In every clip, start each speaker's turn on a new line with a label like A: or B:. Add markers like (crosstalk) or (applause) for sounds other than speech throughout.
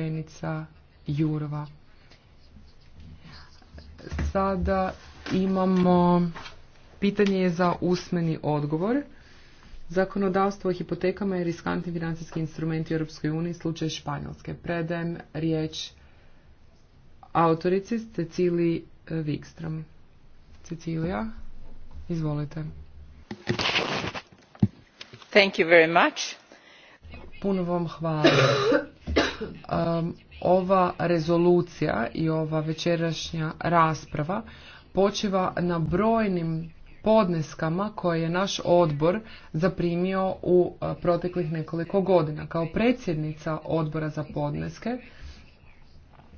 A: povjerenica Jurova. Sada imamo pitanje za usmeni odgovor. Zakonodavstvo o hipotekama i riskantni financijski instrumenti u Europskoj uniji slučaj Španjolske. Predajem riječ autorici Cecili eh, Wikstrom. Cecilija, izvolite.
B: Thank you very much. Puno vam hvala
A: um, ova rezolucija i ova večerašnja rasprava počiva na brojnim podneskama koje je naš odbor zaprimio u uh, proteklih nekoliko godina. Kao predsjednica odbora za podneske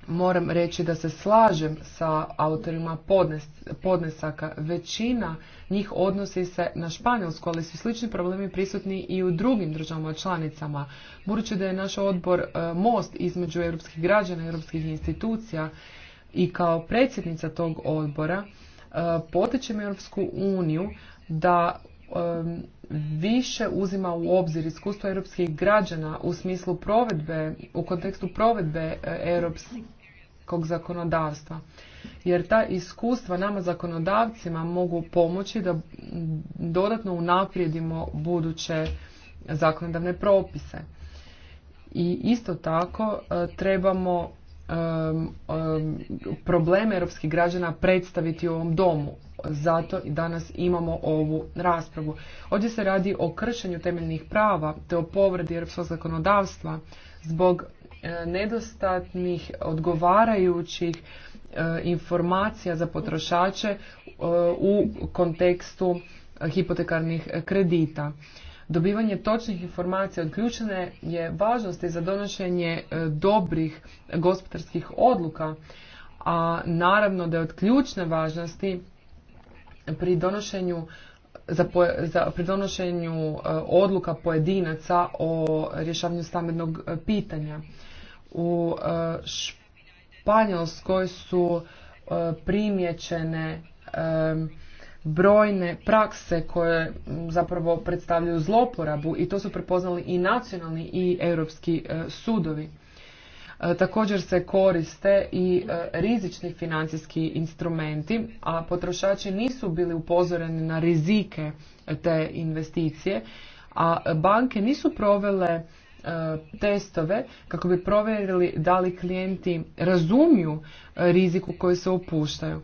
A: moram reći da se slažem sa autorima podnes, podnesaka. Većina njih odnosi se na Španjolsku, ali su slični problemi prisutni i u drugim državama članicama. Budući da je naš odbor e, most između europskih građana i europskih institucija i kao predsjednica tog odbora e, potičem Europsku uniju da više uzima u obzir iskustvo europskih građana u smislu provedbe, u kontekstu provedbe e, europskog zakonodavstva. Jer ta iskustva nama zakonodavcima mogu pomoći da dodatno unaprijedimo buduće zakonodavne propise. I isto tako e, trebamo um, um, probleme europskih građana predstaviti u ovom domu. Zato i danas imamo ovu raspravu. Ovdje se radi o kršenju temeljnih prava te o povredi europskog zakonodavstva zbog e, nedostatnih odgovarajućih e, informacija za potrošače e, u kontekstu hipotekarnih kredita. Dobivanje točnih informacija od ključne je važnosti za donošenje e, dobrih gospodarskih odluka, a naravno da je od ključne važnosti pri donošenju za, pri donošenju e, odluka pojedinaca o rješavanju stambenog e, pitanja. U Španjolskoj su primjećene brojne prakse koje zapravo predstavljaju zloporabu i to su prepoznali i nacionalni i europski e, sudovi. E, također se koriste i e, rizični financijski instrumenti, a potrošači nisu bili upozoreni na rizike te investicije, a banke nisu provele testove kako bi provjerili da li klijenti razumiju riziku koju se opuštaju.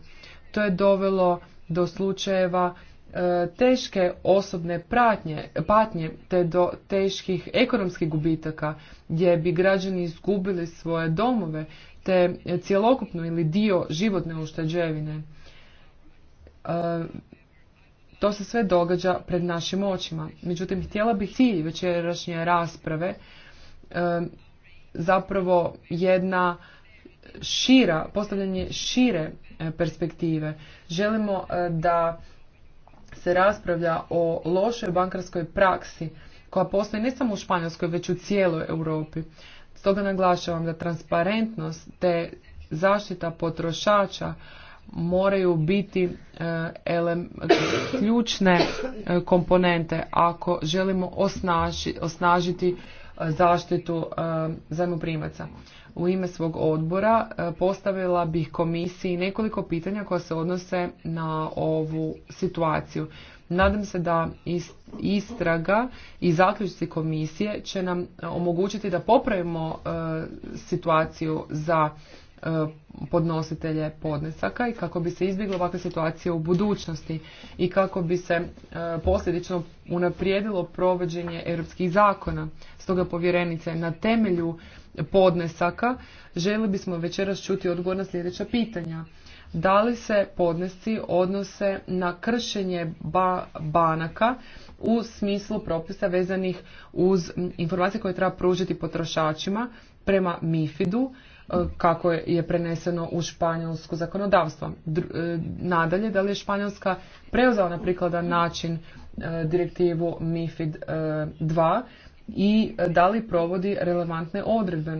A: To je dovelo do slučajeva e, teške osobne pratnje, patnje te do teških ekonomskih gubitaka gdje bi građani izgubili svoje domove te cjelokupno ili dio životne ušteđevine. E, to se sve događa pred našim očima. Međutim, htjela bih cilj večerašnje rasprave e, zapravo jedna šira, postavljanje šire E, perspektive. Želimo e, da se raspravlja o lošoj bankarskoj praksi koja postoji ne samo u Španjolskoj, već u cijeloj Europi. Stoga naglašavam da transparentnost te zaštita potrošača moraju biti e, ključne komponente ako želimo osnažiti zaštitu e, zajmoprimaca. U ime svog odbora e, postavila bih komisiji nekoliko pitanja koja se odnose na ovu situaciju. Nadam se da istraga i zaključci komisije će nam omogućiti da popravimo e, situaciju za E, podnositelje podnesaka i kako bi se izbjegla ovakve situacije u budućnosti i kako bi se e, posljedično unaprijedilo provođenje europskih zakona. Stoga povjerenice, na temelju podnesaka želi bismo večeras čuti odgovor na sljedeća pitanja. Da li se podnesci odnose na kršenje banaka u smislu propisa vezanih uz informacije koje treba pružiti potrošačima prema MIFID-u kako je preneseno u španjolsko zakonodavstvo. E, nadalje, da li je Španjolska preuzela na prikladan način e, direktivu MIFID 2 e, i da li provodi relevantne odredbe.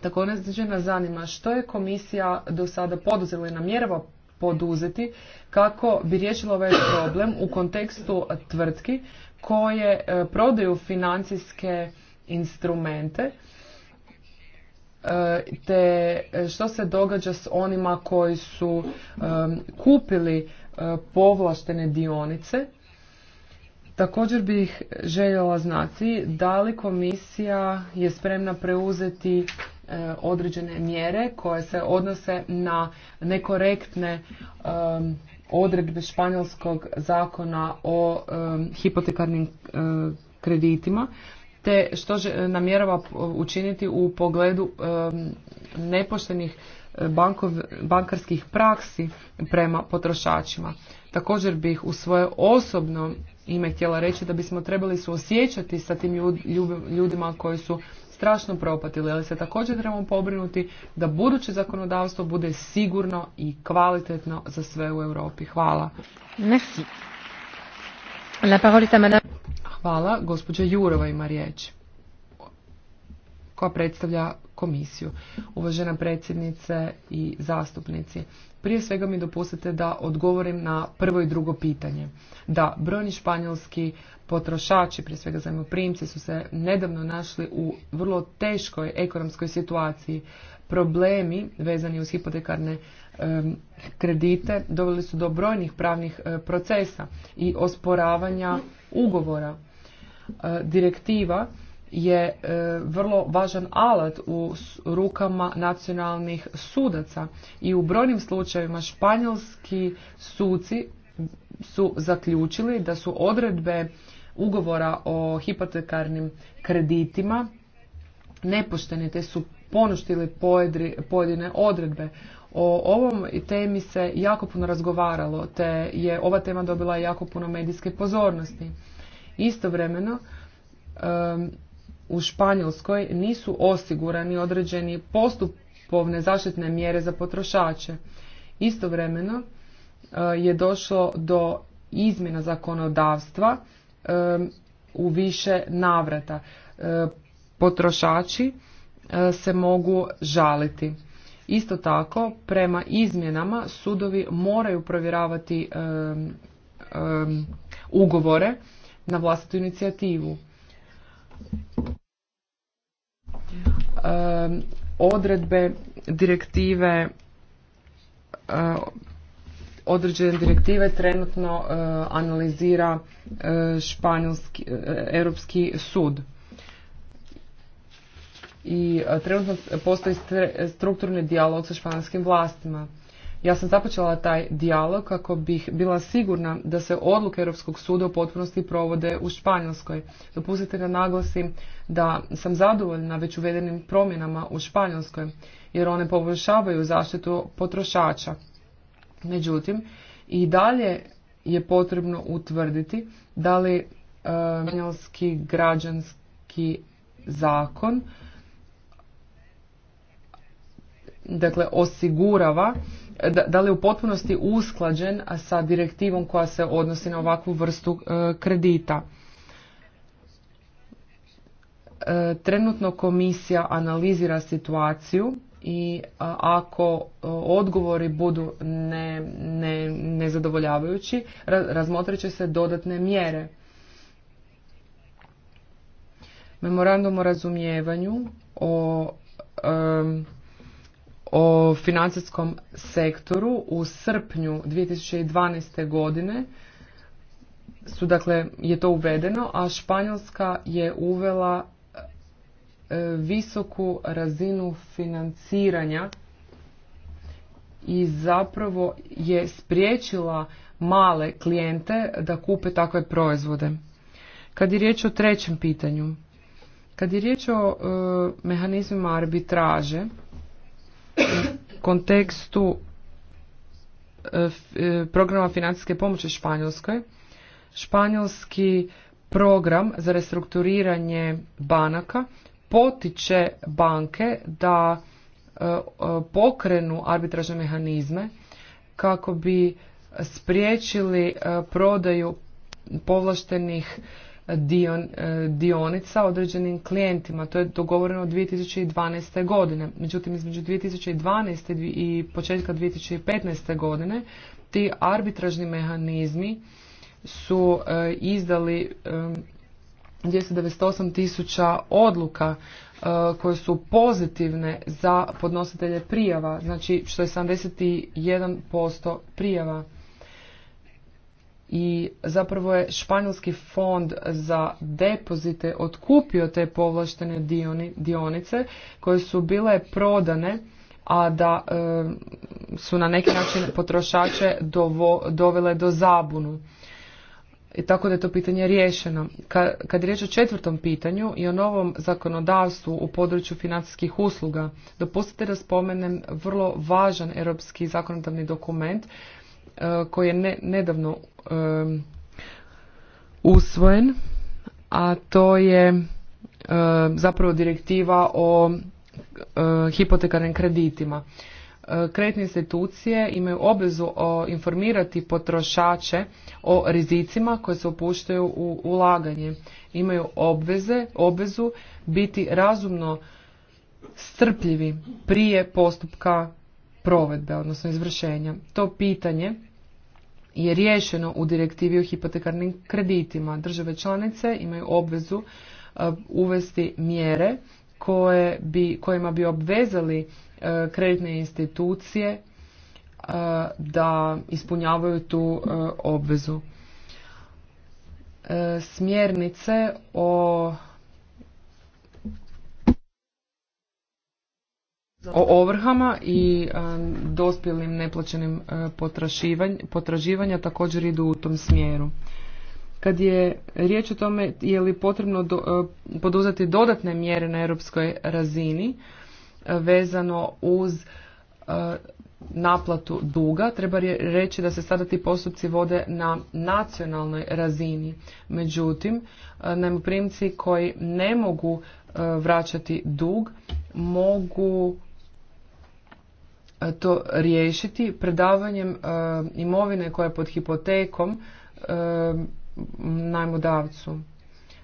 A: Također nas zanima što je komisija do sada poduzela i namjerava poduzeti kako bi riješila ovaj problem u kontekstu tvrtki koje prodaju financijske instrumente te što se događa s onima koji su kupili eh, povlaštene dionice. Također bih željela znati da li komisija je spremna preuzeti eh, određene mjere koje se odnose na nekorektne odredbe španjolskog zakona o hipotekarnim eh, kreditima te što namjerava učiniti u pogledu nepoštenih eh, bankov, bankarskih praksi prema potrošačima. Također bih u svoje osobno ime htjela reći da bismo trebali suosjećati sa tim ljudima koji su strašno propatili, ali se također trebamo pobrinuti da buduće zakonodavstvo bude sigurno i kvalitetno za sve u Europi. Hvala.
B: Merci. La parole est à madame Hvala.
A: Gospođa Jurova ima riječ koja predstavlja komisiju. Uvažena predsjednice i zastupnici, prije svega mi dopustite da odgovorim na prvo i drugo pitanje. Da, brojni španjolski potrošači, prije svega zajmoprimci, su se nedavno našli u vrlo teškoj ekonomskoj situaciji. Problemi vezani uz hipotekarne kredite doveli su do brojnih pravnih e, procesa i osporavanja ugovora E, direktiva je e, vrlo važan alat u rukama nacionalnih sudaca i u brojnim slučajevima španjolski suci su zaključili da su odredbe ugovora o hipotekarnim kreditima nepoštene te su ponuštili pojedine odredbe. O ovom temi se jako puno razgovaralo te je ova tema dobila jako puno medijske pozornosti. Istovremeno, u Španjolskoj nisu osigurani određeni postupovne zaštitne mjere za potrošače. Istovremeno je došlo do izmjena zakonodavstva u više navrata. Potrošači se mogu žaliti. Isto tako, prema izmjenama sudovi moraju provjeravati ugovore na vlastitu inicijativu. odredbe direktive eh, određene direktive trenutno eh, analizira eh, europski sud i trenutno postoji strukturni dijalog sa španjolskim vlastima ja sam započela taj dijalog kako bih bila sigurna da se odluke Europskog suda u potpunosti provode u Španjolskoj. Dopustite da naglasim da sam zadovoljna već uvedenim promjenama u Španjolskoj, jer one poboljšavaju zaštitu potrošača. Međutim, i dalje je potrebno utvrditi da li e, španjolski građanski zakon dakle osigurava da, da li je u potpunosti usklađen sa direktivom koja se odnosi na ovakvu vrstu e, kredita. E, trenutno komisija analizira situaciju i ako e, odgovori budu ne, ne, razmotrit će se dodatne mjere. Memorandum o razumijevanju o o financijskom sektoru u srpnju 2012. godine su dakle je to uvedeno, a Španjolska je uvela e, visoku razinu financiranja i zapravo je spriječila male klijente da kupe takve proizvode. Kad je riječ o trećem pitanju, kad je riječ o e, mehanizmima arbitraže, kontekstu e, e, programa financijske pomoći Španjolskoj. Španjolski program za restrukturiranje banaka potiče banke da e, pokrenu arbitražne mehanizme kako bi spriječili prodaju povlaštenih dion, e, dionica određenim klijentima. To je dogovoreno od 2012. godine. Međutim, između 2012. i početka 2015. godine ti arbitražni mehanizmi su e, izdali 298 e, tisuća odluka koje su pozitivne za podnositelje prijava, znači što je 71% prijava i zapravo je španjolski fond za depozite otkupio te povlaštene dionice koje su bile prodane a da su na neki način potrošače dovele do zabunu. I tako da je to pitanje riješeno. kad je riječ o četvrtom pitanju i o novom zakonodavstvu u području financijskih usluga, dopustite da spomenem vrlo važan europski zakonodavni dokument E, koji je nedavno e, usvojen, a to je e, zapravo direktiva o hipotekarnim kreditima. Kreditne institucije imaju obvezu informirati potrošače o rizicima koje se opuštaju u ulaganje. Imaju obveze, obvezu biti razumno strpljivi prije postupka provedbe, odnosno izvršenja. To pitanje je riješeno u direktivi o hipotekarnim kreditima. Države članice imaju obvezu e, uvesti mjere koje bi, kojima bi obvezali e, kreditne institucije e, da ispunjavaju tu obvezu. Smjernice o o ovrhama i dospjelim neplaćenim potraživanja također idu u tom smjeru. Kad je riječ o tome je li potrebno poduzeti dodatne mjere na europskoj razini vezano uz naplatu duga, treba reći da se sada ti postupci vode na nacionalnoj razini. Međutim, najmoprimci koji ne mogu vraćati dug mogu E, to riješiti predavanjem e, imovine koja je pod hipotekom e, najmodavcu.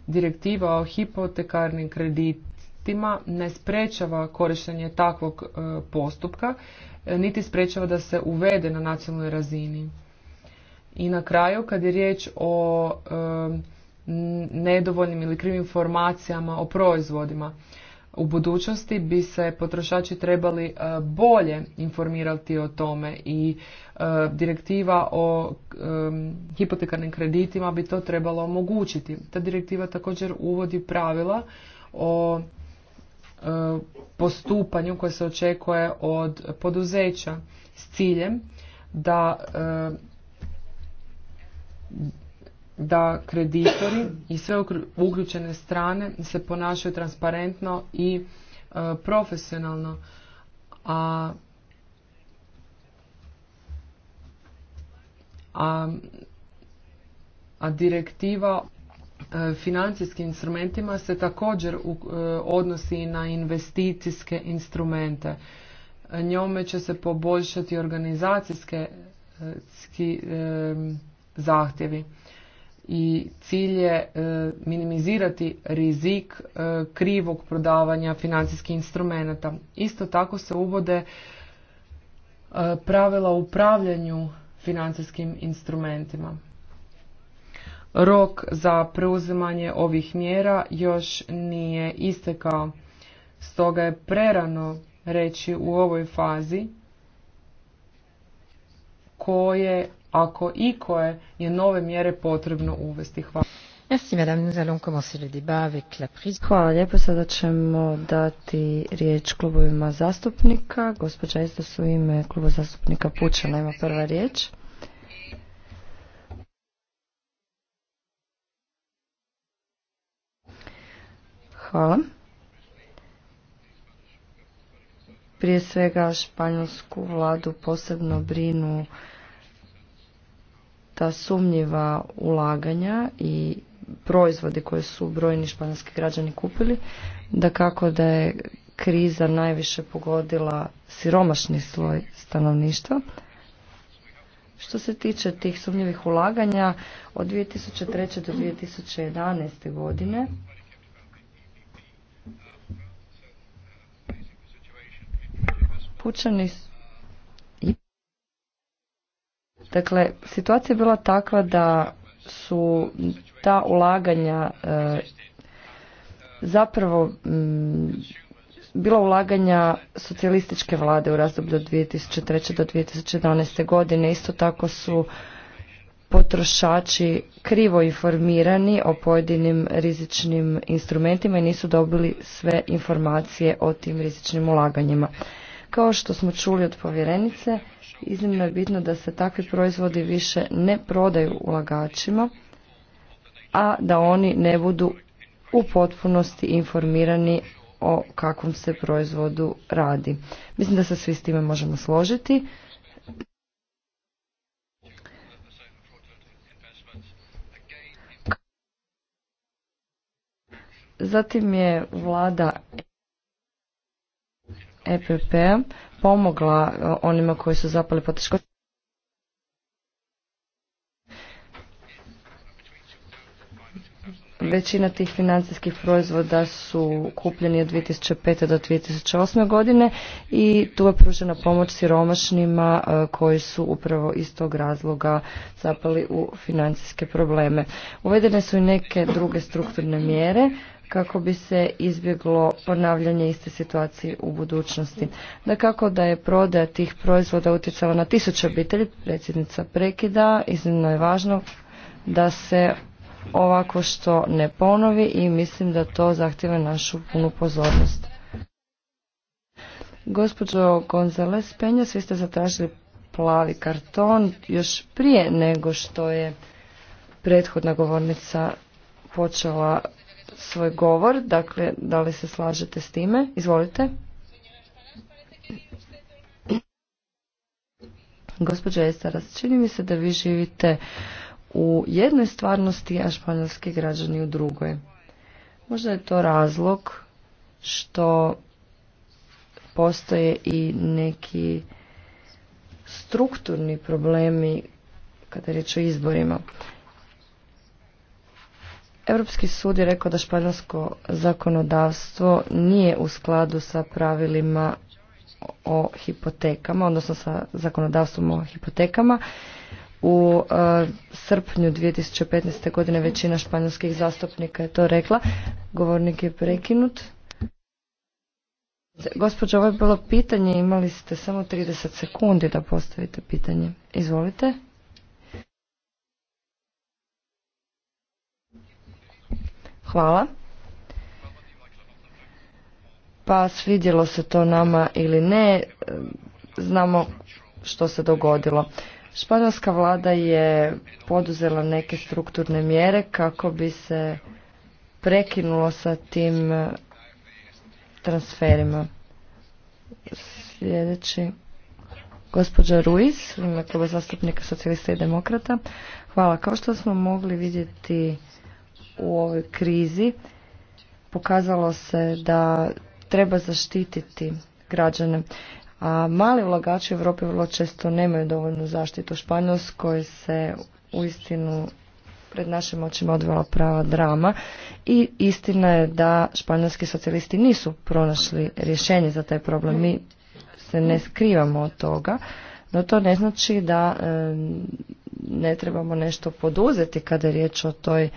A: Direktiva o hipotekarnim kreditima ne sprečava korištenje takvog postupka, niti sprečava da se uvede na nacionalnoj razini. I na kraju, kad je riječ o nedovoljnim ili krivim informacijama o proizvodima, u budućnosti bi se potrošači trebali e, bolje informirati o tome i e, direktiva o e, hipotekarnim kreditima bi to trebalo omogućiti. Ta direktiva također uvodi pravila o postupanju koje se očekuje od poduzeća s ciljem da da kreditori i sve uključene strane se ponašaju transparentno i e, profesionalno. A, a, direktiva e, financijskim instrumentima se također u, e, odnosi na investicijske instrumente. Njome će se poboljšati organizacijski e, e, zahtjevi i cilj je e, minimizirati rizik e, krivog prodavanja financijskih instrumenata. Isto tako se uvode e, pravila upravljanju financijskim instrumentima. Rok za preuzimanje ovih mjera još nije istekao, stoga je prerano reći u ovoj fazi koje ako i koje je nove mjere potrebno uvesti. Hvala.
B: Merci madame, nous allons commencer le débat avec la prise. Hvala lijepo, sada ćemo dati riječ klubovima zastupnika. Gospođa Esta su ime kluba zastupnika Pučana ima prva riječ. Hvala. Prije svega španjolsku vladu posebno brinu sumnjiva ulaganja i proizvodi koje su brojni španjolski građani kupili, da kako da je kriza najviše pogodila siromašni sloj stanovništva. Što se tiče tih sumnjivih ulaganja, od 2003. do 2011. godine pučani Dakle, situacija je bila takva da su ta ulaganja e, zapravo mm, bila ulaganja socijalističke vlade u razdoblju od 2003. do 2011. godine. Isto tako su potrošači krivo informirani o pojedinim rizičnim instrumentima i nisu dobili sve informacije o tim rizičnim ulaganjima. Kao što smo čuli od povjerenice, iznimno je bitno da se takvi proizvodi više ne prodaju ulagačima, a da oni ne budu u potpunosti informirani o kakvom se proizvodu radi. Mislim da se svi s time možemo složiti. Zatim je vlada EPP p-a pomogla e, onima koji su zapali poteškoće. Većina tih financijskih proizvoda su kupljeni od 2005. do 2008. godine i tu je pružena pomoć siromašnima e, koji su upravo iz tog razloga zapali u financijske probleme. Uvedene su i neke druge strukturne mjere kako bi se izbjeglo ponavljanje iste situacije u budućnosti. Da kako da je prodaja tih proizvoda utjecala na tisuće obitelji, predsjednica prekida, iznimno je važno da se ovako što ne ponovi i mislim da to zahtjeva našu punu pozornost. Gospođo Gonzales Penja, svi ste zatražili plavi karton još prije nego što je prethodna govornica počela svoj govor. Dakle, da li se slažete s time? Izvolite. Gospođo Estaras, čini mi se da vi živite u jednoj stvarnosti, a španjolski građani u drugoj. Možda je to razlog što postoje i neki strukturni problemi kada je riječ o izborima. Europski sud je rekao da španjolsko zakonodavstvo nije u skladu sa pravilima o hipotekama, odnosno sa zakonodavstvom o hipotekama. U e, srpnju 2015. godine većina španjolskih zastupnika je to rekla. Govornik je prekinut. Gospođo, ovo je bilo pitanje, imali ste samo 30 sekundi da postavite pitanje. Izvolite. Hvala. Pa svidjelo se to nama ili ne, e, znamo što se dogodilo. Španjolska vlada je poduzela neke strukturne mjere kako bi se prekinulo sa tim e, transferima. Sljedeći, gospođa Ruiz, ima kluba zastupnika socijalista i demokrata. Hvala. Kao što smo mogli vidjeti u ovoj krizi pokazalo se da treba zaštititi građane. A mali ulagači u Europi vrlo često nemaju dovoljnu zaštitu. Španjolskoj se uistinu pred našim očima odvela prava drama i istina je da španjolski socijalisti nisu pronašli rješenje za taj problem. Mi se ne skrivamo od toga, no to ne znači da ne trebamo nešto poduzeti kada je riječ o toj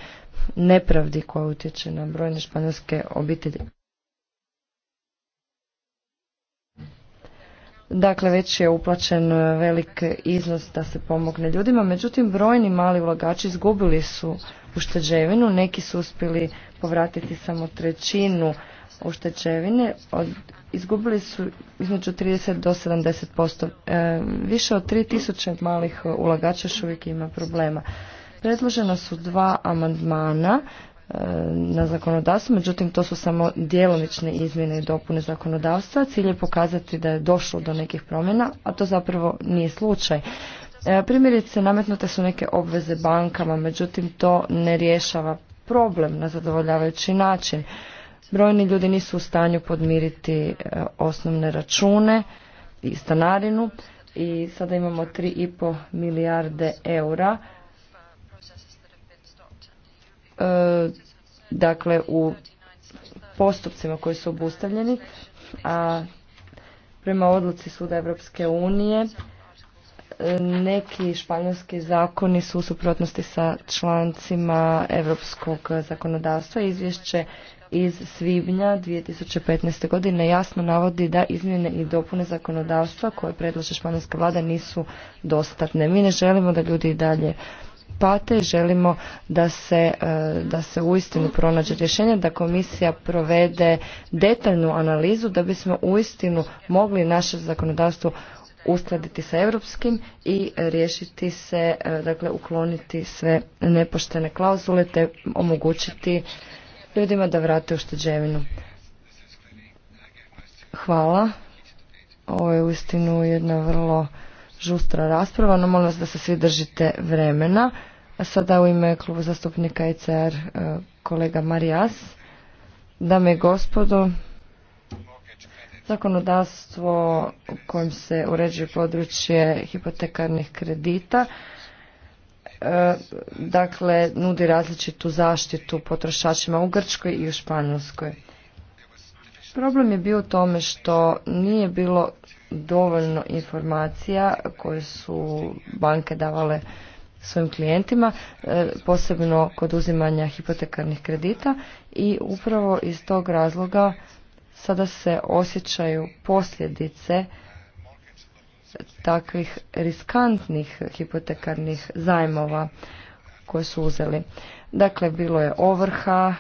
B: nepravdi koja utječe na brojne španjolske obitelji. Dakle, već je uplaćen e, velik iznos da se pomogne ljudima, međutim brojni mali ulagači izgubili su ušteđevinu, neki su uspjeli povratiti samo trećinu ušteđevine, izgubili su između 30 do 70%. E, više od 3000 malih ulagača još uvijek ima problema. Predložena su dva amandmana e, na zakonodavstvo, međutim to su samo djelomične izmjene i dopune zakonodavstva. Cilj je pokazati da je došlo do nekih promjena, a to zapravo nije slučaj. E, primjerice, nametnute su neke obveze bankama, međutim to ne rješava problem na zadovoljavajući način. Brojni ljudi nisu u stanju podmiriti e, osnovne račune i stanarinu i sada imamo 3,5 milijarde eura E, dakle u postupcima koji su obustavljeni, a prema odluci Suda Europske unije e, neki španjolski zakoni su u suprotnosti sa člancima europskog zakonodavstva. Izvješće iz svibnja 2015. godine jasno navodi da izmjene i dopune zakonodavstva koje predlaže španjolska vlada nisu dostatne. Mi ne želimo da ljudi i dalje pate, želimo da se, e, da se uistinu pronađe rješenje, da komisija provede detaljnu analizu da bismo uistinu mogli naše zakonodavstvo uskladiti sa europskim i riješiti se, e, dakle ukloniti sve nepoštene klauzule te omogućiti ljudima da vrate ušteđevinu. Hvala. Ovo je uistinu jedna vrlo žustra rasprava, no molim vas da se svi držite vremena. A sada u ime kluba zastupnika ICR e e, kolega Marijas. Dame i gospodo, zakonodavstvo kojim se uređuje područje hipotekarnih kredita e, dakle nudi različitu zaštitu potrošačima u Grčkoj i u Španjolskoj. Problem je bio u tome što nije bilo dovoljno informacija koje su banke davale svojim klijentima, e, posebno kod uzimanja hipotekarnih kredita i upravo iz tog razloga sada se osjećaju posljedice takvih riskantnih hipotekarnih zajmova koje su uzeli. Dakle, bilo je ovrha,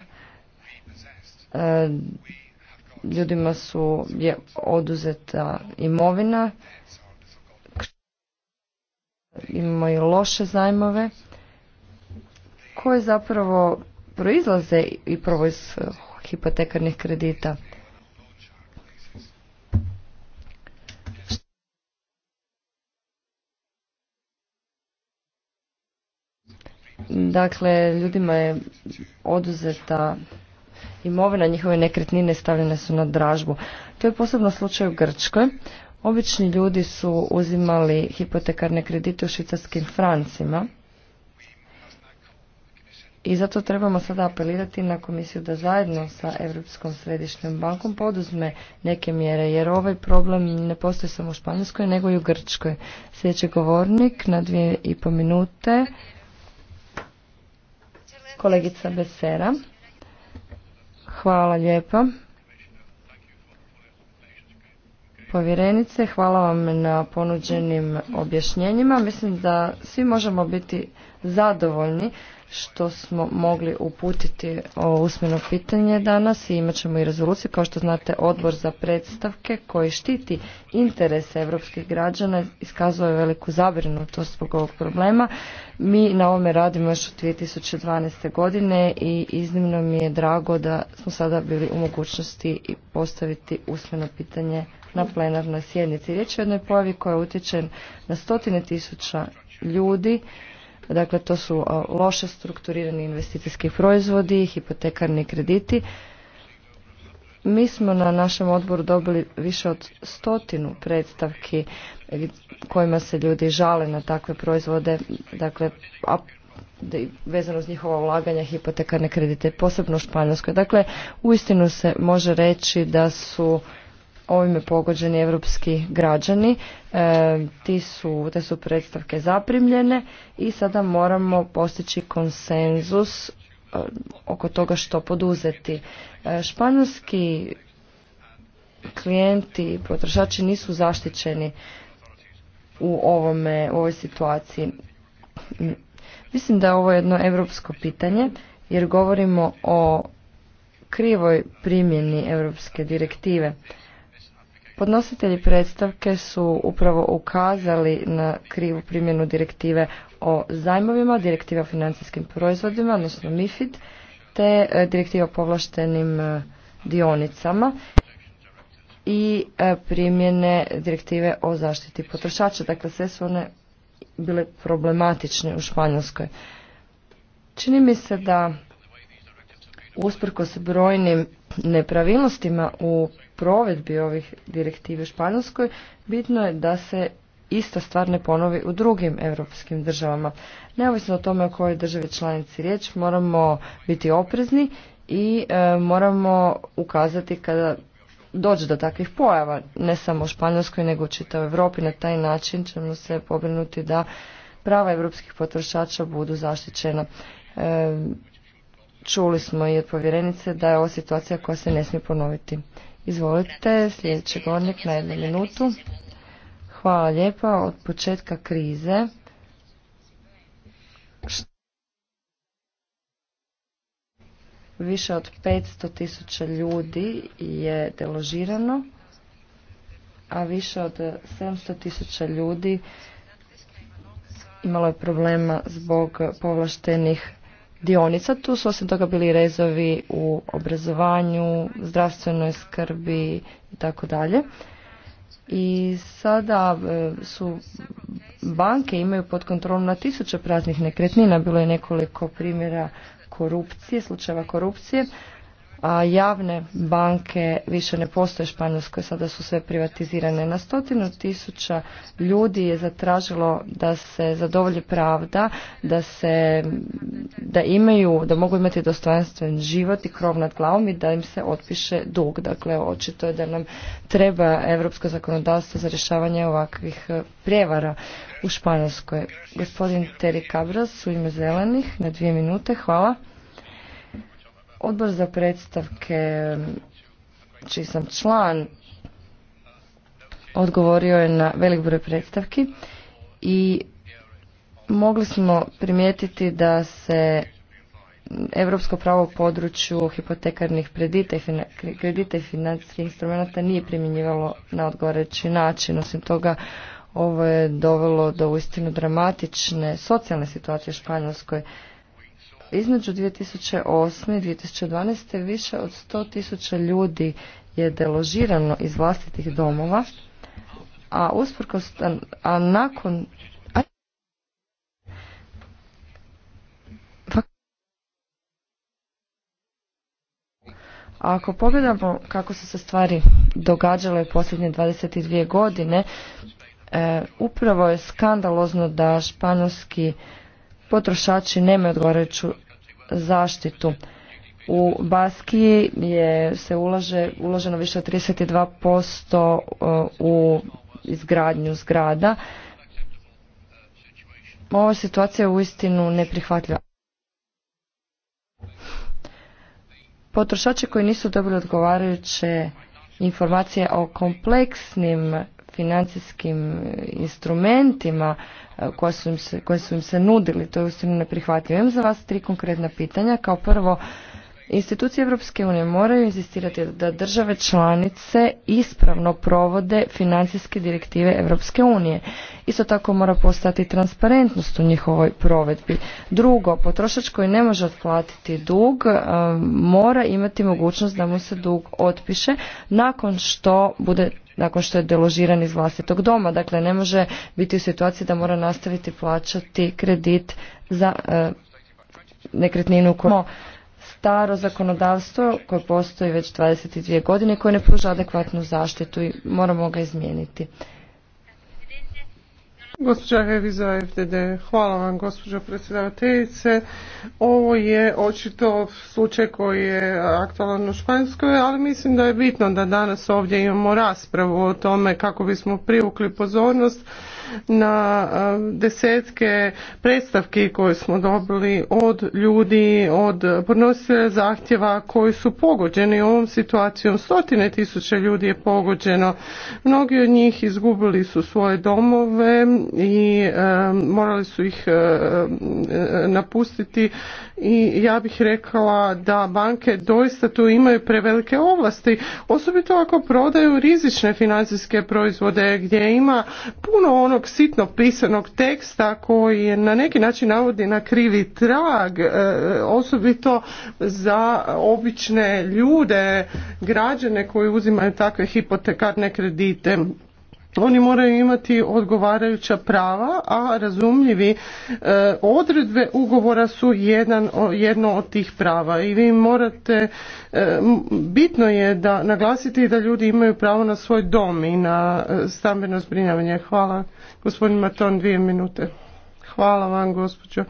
B: e, ljudima su je oduzeta imovina, imamo i loše zajmove koje zapravo proizlaze i prvo iz hipotekarnih kredita. Dakle, ljudima je oduzeta imovina, njihove nekretnine stavljene su na dražbu. To je posebno slučaj u Grčkoj. Obični ljudi su uzimali hipotekarne kredite u švicarskim francima i zato trebamo sada apelirati na komisiju da zajedno sa Europskom središnjom bankom poduzme neke mjere, jer ovaj problem ne postoji samo u Španjolskoj, nego i u Grčkoj. Sljedeći govornik na dvije i po minute, kolegica Besera. Hvala lijepa. Povjerenice, hvala vam na ponuđenim objašnjenjima. Mislim da svi možemo biti zadovoljni što smo mogli uputiti o usmeno pitanje danas i imat ćemo i rezoluciju. Kao što znate, odbor za predstavke koji štiti interese evropskih građana iskazuje veliku zabrinutost zbog ovog problema. Mi na ovome radimo još od 2012. godine i iznimno mi je drago da smo sada bili u mogućnosti i postaviti usmeno pitanje na plenarnoj sjednici. Riječ je o jednoj pojavi koja utječe na stotine tisuća ljudi Dakle, to su loše strukturirani investicijski proizvodi, hipotekarni krediti. Mi smo na našem odboru dobili više od stotinu predstavki kojima se ljudi žale na takve proizvode, dakle, vezano uz njihova ulaganja, hipotekarne kredite, posebno u Španjolskoj. Dakle, uistinu se može reći da su ovime pogođeni evropski građani. E, ti su, te su predstavke zaprimljene i sada moramo postići konsenzus e, oko toga što poduzeti. E, španjolski klijenti i potrošači nisu zaštićeni u, ovome, u ovoj situaciji. Mislim da je ovo jedno europsko pitanje jer govorimo o krivoj primjeni europske direktive. Podnositelji predstavke su upravo ukazali na krivu primjenu direktive o zajmovima, direktiva o financijskim proizvodima, odnosno MIFID, te e, direktive o povlaštenim e, dionicama i e, primjene direktive o zaštiti potrošača. Dakle, sve su one bile problematične u Španjolskoj. Čini mi se da s brojnim nepravilnostima u provedbi ovih direktive u Španjolskoj, bitno je da se ista stvar ne ponovi u drugim europskim državama. Neovisno o tome o kojoj državi članici riječ, moramo biti oprezni i e, moramo ukazati kada dođe do takvih pojava, ne samo u Španjolskoj nego u čitavoj Europi. Na taj način ćemo se pobrinuti da prava europskih potrošača budu zaštićena. E, Čuli smo i od povjerenice da je ovo situacija koja se ne smije ponoviti. Izvolite, sljedeći govornik na jednu minutu. Hvala lijepa. Od početka krize više od 500 tisuća ljudi je deložirano, a više od 700 tisuća ljudi imalo je problema zbog povlaštenih dionica. Tu su osim toga bili rezovi u obrazovanju, zdravstvenoj skrbi i tako dalje. I sada e, su banke imaju pod kontrolom na tisuće praznih nekretnina. Bilo je nekoliko primjera korupcije, slučajeva korupcije a javne banke više ne postoje u Španjolskoj, sada su sve privatizirane. Na stotinu tisuća ljudi je zatražilo da se zadovolji pravda, da se da imaju, da mogu imati dostojanstven život i krov nad glavom i da im se otpiše dug. Dakle, očito je da nam treba europsko zakonodavstvo za rješavanje ovakvih e, prijevara u Španjolskoj. Gospodin Teri Cabras u ime zelenih na dvije minute. Hvala. Odbor za predstavke, čiji sam član, odgovorio je na velik broj predstavki i mogli smo primijetiti da se europsko pravo u području hipotekarnih kredita i, i financijskih instrumenata nije primjenjivalo na odgovarajući način. Osim toga, ovo je dovelo do uistinu dramatične socijalne situacije u Španjolskoj. Između 2008. i 2012. više od 100.000 tisuća ljudi je deložirano iz vlastitih domova, a usprkos, a nakon ako pogledamo kako su se stvari događale posljednje 22 godine, e, upravo je skandalozno da španjolski potrošači nemaju odgovarajuću zaštitu. U Baskiji je se ulaže, uloženo više od 32% e, u izgradnju zgrada. Ova situacija je uistinu neprihvatljiva. Potrošači koji nisu dobili odgovarajuće informacije o kompleksnim financijskim instrumentima e, koje su im se, nudili, to je uistinu neprihvatljivo. Imam za vas tri konkretna pitanja. Kao prvo, Institucije Europske unije moraju insistirati da države članice ispravno provode financijske direktive Europske unije. Isto tako mora postati transparentnost u njihovoj provedbi. Drugo, potrošač koji ne može otplatiti dug e, mora imati mogućnost da mu se dug otpiše nakon što bude nakon što je deložiran iz vlastitog doma. Dakle, ne može biti u situaciji da mora nastaviti plaćati kredit za e, nekretninu koju staro zakonodavstvo koje postoji već 22 godine koje ne pruža adekvatnu zaštitu i moramo ga izmijeniti.
C: Gospođa Heviza FDD, hvala vam gospođo predsjedavateljice. Ovo je očito slučaj koji je aktualan u Španjskoj, ali mislim da je bitno da danas ovdje imamo raspravu o tome kako bismo privukli pozornost na desetke predstavki koje smo dobili od ljudi, od podnositelja zahtjeva koji su pogođeni ovom situacijom. Stotine tisuća ljudi je pogođeno. Mnogi od njih izgubili su svoje domove i morali su ih napustiti i ja bih rekla da banke doista tu imaju prevelike ovlasti, osobito ako prodaju rizične financijske proizvode gdje ima puno ono jednog pisanog teksta koji je na neki način navodi na krivi trag, e, osobito za obične ljude, građane koji uzimaju takve hipotekarne kredite oni moraju imati odgovarajuća prava, a razumljivi e, odredbe ugovora su jedan, jedno od tih prava i vi morate, e, bitno je da naglasiti da ljudi imaju pravo na svoj dom i na e, stambeno zbrinjavanje. Hvala gospodin Maton, dvije minute. Hvala vam gospođo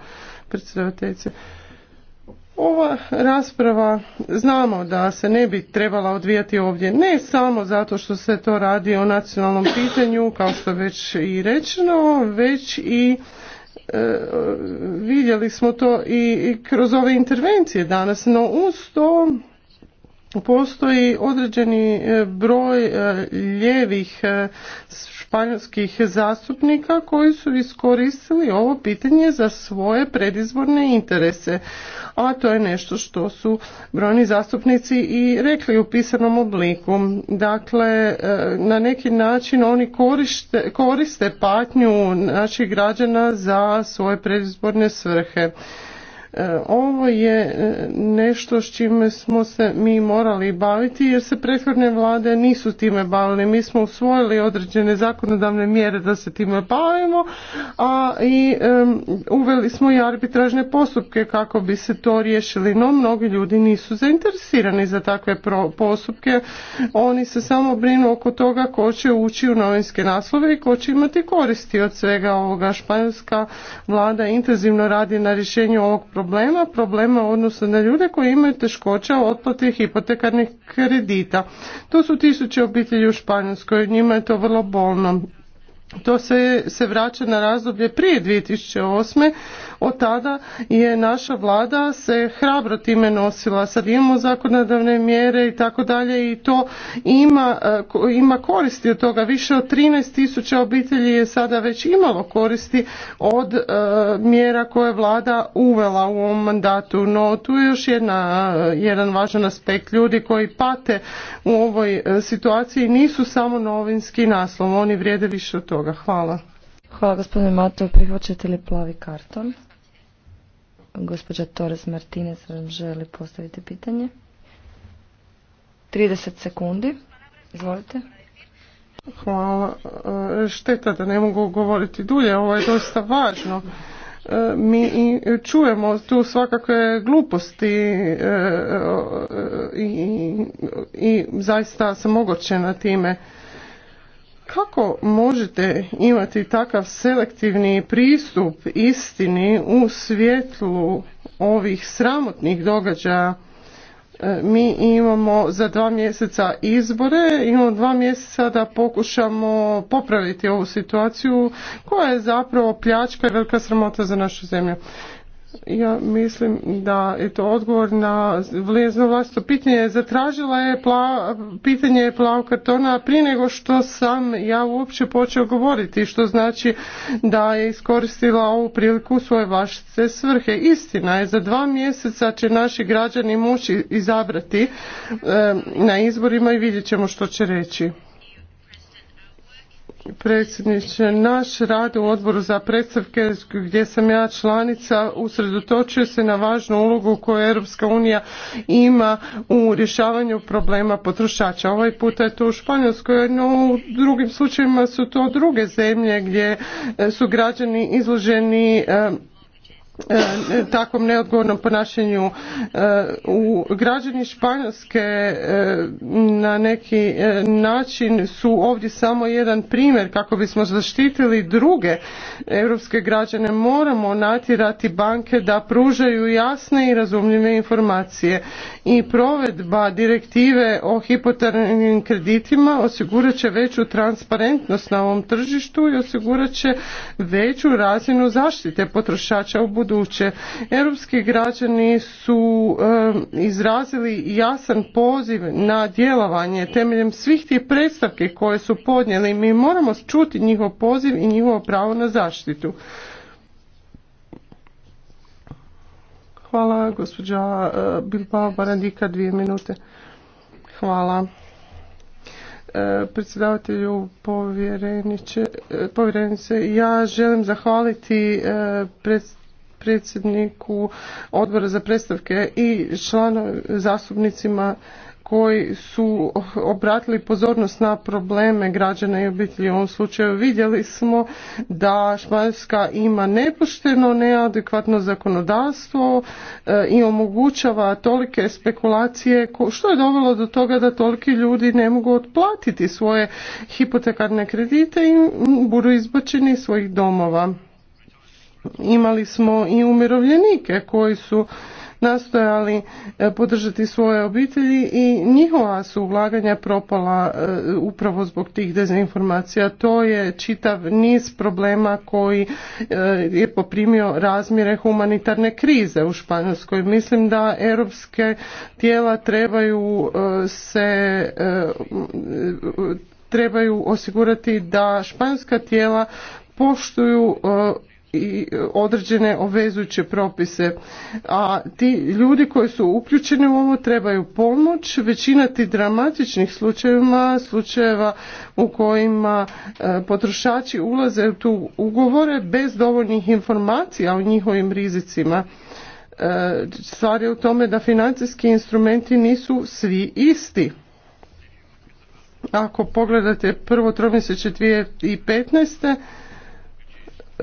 C: predsjedavateljice. Ova rasprava znamo da se ne bi trebala odvijati ovdje ne samo zato što se to radi o nacionalnom pitanju kao što već i rečeno, već i e, vidjeli smo to i kroz ove intervencije danas, no uz to postoji određeni e, broj e, ljevih španjolskih zastupnika koji su iskoristili ovo pitanje za svoje predizborne interese. A to je nešto što su brojni zastupnici i rekli u pisanom obliku. Dakle, e, na neki način oni koriste, koriste patnju naših građana za svoje predizborne svrhe. E, ovo je e, nešto s čime smo se mi morali baviti jer se prethodne vlade nisu time bavile. Mi smo usvojili određene zakonodavne mjere da se time bavimo, a i e, uveli smo i arbitražne postupke kako bi se to riješili. No, mnogi ljudi nisu zainteresirani za takve postupke. Oni se samo brinu oko toga ko će ući u novinske naslove i ko će imati koristi od svega ovoga. Španjolska vlada intenzivno radi na rješenju ovog problema problema, problema odnosu na ljude koji imaju teškoća u otplati hipotekarnih kredita. To su tisuće obitelji u Španjolskoj, njima je to vrlo bolno to se, se vraća na razdoblje prije 2008. Od tada je naša vlada se hrabro time nosila. Sad imamo zakonodavne mjere i tako dalje i to ima, e, ima koristi od toga. Više od 13.000 obitelji je sada već imalo koristi od e, mjera koje je vlada uvela u ovom mandatu. No tu je još jedna, e, jedan važan aspekt. Ljudi koji pate u ovoj situaciji nisu samo novinski naslov. Oni
B: vrijede više od toga. Hvala. Hvala gospodine Mato. Prihvaćate li plavi karton? Gospođa Torres Martinez vam želi postaviti pitanje. 30 sekundi. Izvolite. Hvala.
C: E, šteta da ne mogu govoriti dulje, ovo je dosta važno. E, mi čujemo tu svakakve gluposti e, i, i zaista sam ogorčena time kako možete imati takav selektivni pristup istini u svjetlu ovih sramotnih događaja e, mi imamo za dva mjeseca izbore, imamo dva mjeseca da pokušamo popraviti ovu situaciju koja je zapravo pljačka i velika sramota za našu zemlju ja mislim da je to odgovor na vlijezno vlastito pitanje. Zatražila je pla, pitanje plav kartona prije nego što sam ja uopće počeo govoriti, što znači da je iskoristila ovu priliku svoje vaše svrhe. Istina je, za dva mjeseca će naši građani moći izabrati eh, na izborima i vidjet ćemo što će reći predsjedniče. Naš rad u odboru za predstavke gdje sam ja članica usredotočio se na važnu ulogu koju Europska unija ima u rješavanju problema potrošača. Ovaj puta je to u Španjolskoj, no u drugim slučajevima su to druge zemlje gdje su građani izloženi E, takvom neodgovornom ponašanju e, u građani Španjolske e, na neki način su ovdje samo jedan primjer kako bismo zaštitili druge europske građane moramo natjerati banke da pružaju jasne i razumljive informacije i provedba direktive o hipotarnim kreditima osigurat će veću transparentnost na ovom tržištu i osigurat će veću razinu zaštite potrošača u ubuduće. Europski građani su izrazili jasan poziv na djelovanje temeljem svih tih predstavke koje su podnijeli. Mi moramo čuti njihov poziv i njihovo pravo na zaštitu. Hvala, gospođa eh, Bilbao Barandika, dvije minute. Hvala. Eh, predsjedavatelju eh, povjerenice, ja želim zahvaliti predstavljanju predsjedniku odbora za predstavke i članovi zastupnicima koji su obratili pozornost na probleme građana i obitelji u ovom slučaju vidjeli smo da Španjolska ima nepošteno, neadekvatno zakonodavstvo e, i omogućava tolike spekulacije što je dovelo do toga da toliki ljudi ne mogu otplatiti svoje hipotekarne kredite i budu izbačeni iz svojih domova imali smo i umirovljenike koji su nastojali e, podržati svoje obitelji i njihova su ulaganja propala e, upravo zbog tih dezinformacija. To je čitav niz problema koji e, je poprimio razmjere humanitarne krize u Španjolskoj. Mislim da europske tijela trebaju se trebaju osigurati da španjolska tijela poštuju i određene obvezujuće propise. A ti ljudi koji su uključeni u ovo trebaju pomoć. Većina ti dramatičnih slučajeva, slučajeva u kojima e, potrošači ulaze u tu ugovore bez dovoljnih informacija o njihovim rizicima e, stvar je u tome da financijski instrumenti nisu svi isti. Ako pogledate prvo tromjeseče 2015.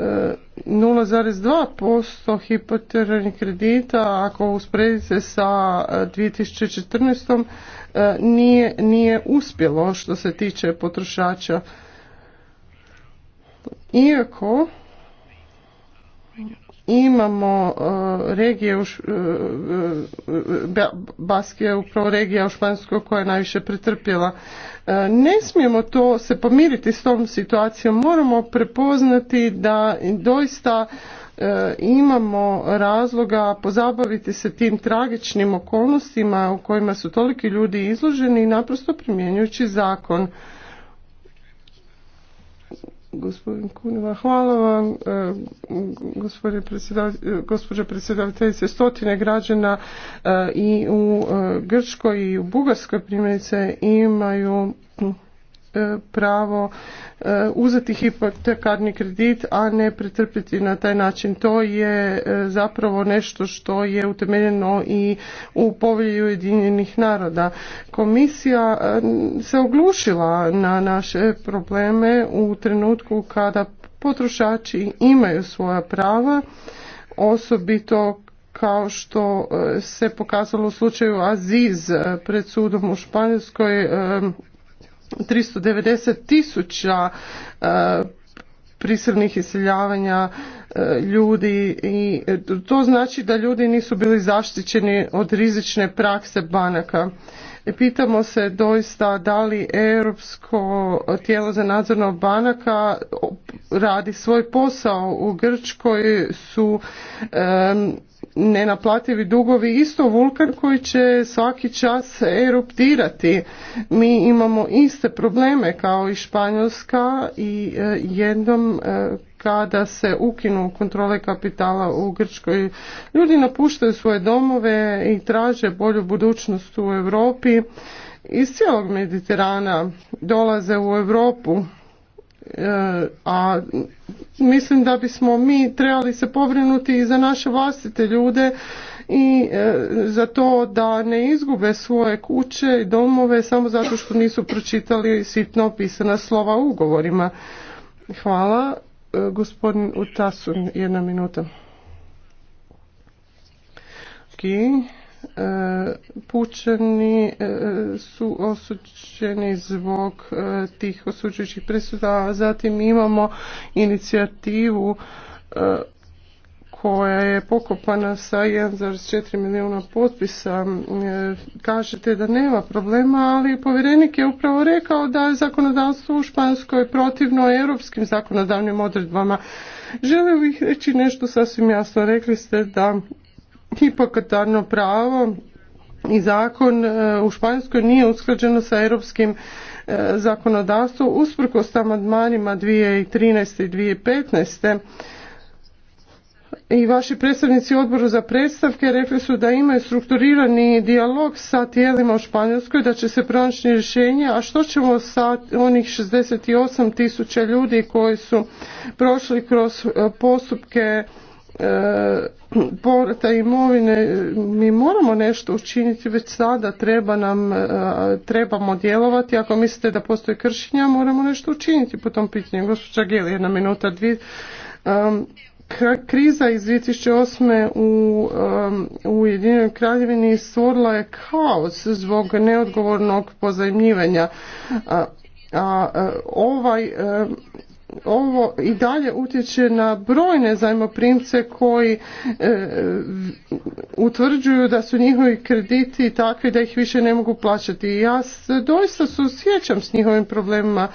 C: 0,2% hipoterarnih kredita ako usporedite sa 2014. E, e, nije, nije uspjelo što se tiče potrošača. Iako imamo e, regije u e, e, Baskija upravo regija u koja je najviše pretrpjela. Ne smijemo to se pomiriti s tom situacijom, moramo prepoznati da doista imamo razloga pozabaviti se tim tragičnim okolnostima u kojima su toliki ljudi izloženi i naprosto primjenjujući zakon. Gospodin kunima hvala vam, e, e, gospođo predsjedavateljice, Stotine građana e, i u Grčkoj i u Bugarskoj primjerice imaju E, pravo e, uzeti hipotekarni kredit, a ne pretrpiti na taj način. To je e, zapravo nešto što je utemeljeno i u povelji Ujedinjenih naroda. Komisija se oglušila na naše probleme u trenutku kada potrošači imaju svoja prava, osobito kao što se pokazalo u slučaju Aziz pred sudom u Španjolskoj 390 tisuća e, prisilnih iseljavanja e, ljudi i to znači da ljudi nisu bili zaštićeni od rizične prakse banaka. E, pitamo se doista da li Europsko tijelo za nadzorno banaka radi svoj posao. U Grčkoj su nenaplativi dugovi isto vulkan koji će svaki čas eruptirati. Mi imamo iste probleme kao i Španjolska i e, jednom e, kada se ukinu kontrole kapitala u Grčkoj. Ljudi napuštaju svoje domove i traže bolju budućnost u Europi. Iz cijelog Mediterana dolaze u Europu a mislim da bismo mi trebali se pobrinuti i za naše vlastite ljude i e, za to da ne izgube svoje kuće i domove samo zato što nisu pročitali sitno opisana slova u ugovorima. Hvala. E, gospodin Utasun, jedna minuta. E, pučani e, su osuđeni zbog e, tih osuđujućih presuda. a Zatim imamo inicijativu koja je pokopana sa 1,4 milijuna potpisa. Kažete da nema problema, ali povjerenik je upravo rekao da je zakonodavstvo u Španskoj protivno europskim zakonodavnim odredbama. Želio bih reći nešto sasvim jasno. Rekli ste da hipokatarno pravo i zakon e, u Španjolskoj nije usklađeno sa europskim e, zakonodavstvom usprkos amandmanima 2013. i 2015. I vaši predstavnici odboru za predstavke rekli su da imaju strukturirani dijalog sa tijelima u Španjolskoj, da će se pronaći rješenje, a što ćemo sa onih 68 tisuća ljudi koji su prošli kroz e, postupke E, povrata imovine, mi moramo nešto učiniti već sada, treba nam, e, trebamo djelovati. Ako mislite da postoje kršenja, moramo nešto učiniti po tom pitanju. Gospođa geli jedna minuta, dvije. Kriza iz 2008. E, u Ujedinjenoj kraljevini stvorila je kaos zbog neodgovornog pozajmljivanja. a ovaj ovo i dalje utječe na brojne zajmoprimce koji e, utvrđuju da su njihovi krediti takvi da ih više ne mogu plaćati. ja se doista susjećam s njihovim problemima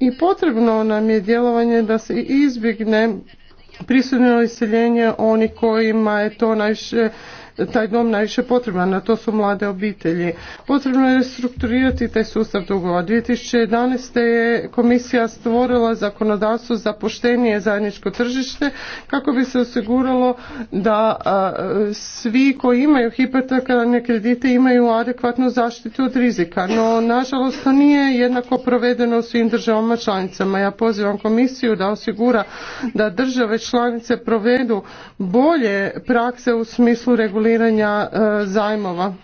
C: i potrebno nam je djelovanje da se izbjegne prisutno iseljenje onih kojima je to najviše taj dom najviše potreban, a to su mlade obitelji. Potrebno je restrukturirati taj sustav dugova. 2011. je komisija stvorila zakonodavstvo za poštenije zajedničko tržište kako bi se osiguralo da svi koji imaju hipotekarne kredite imaju adekvatnu zaštitu od rizika. No, nažalost, to nije jednako provedeno u svim državama članicama. Ja pozivam komisiju da osigura da države članice provedu bolje prakse u smislu regulacije reguliranja e, zajmova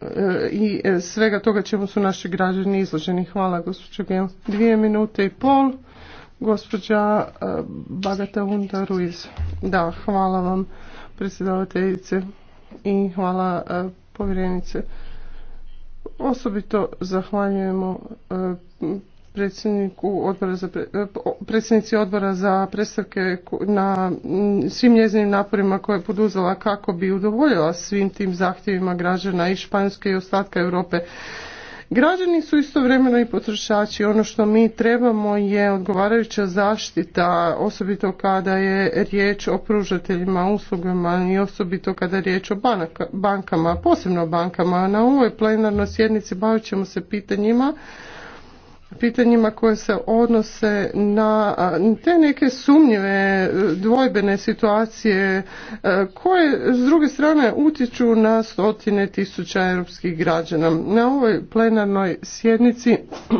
C: e, i e, svega toga čemu su naši građani izloženi. Hvala gospođo Dvije minute i pol. Gospođa Bagata Unda Ruiz. Da, hvala vam predsjedavateljice i hvala povjerenice. Osobito zahvaljujemo predsjedniku odbora za, e, predsjednici odbora za predstavke na svim njezinim naporima koje je poduzela kako bi udovoljila svim tim zahtjevima građana i španjske i ostatka Europe. Građani su istovremeno i potrošači. Ono što mi trebamo je odgovarajuća zaštita, osobito kada je riječ o pružateljima uslugama i osobito kada je riječ o bankama, posebno bankama. Na ovoj plenarnoj sjednici bavit ćemo se pitanjima pitanjima koje se odnose na te neke sumnjive e, dvojbene situacije e, koje s druge strane utječu na stotine tisuća europskih građana. Na ovoj plenarnoj sjednici (clears throat)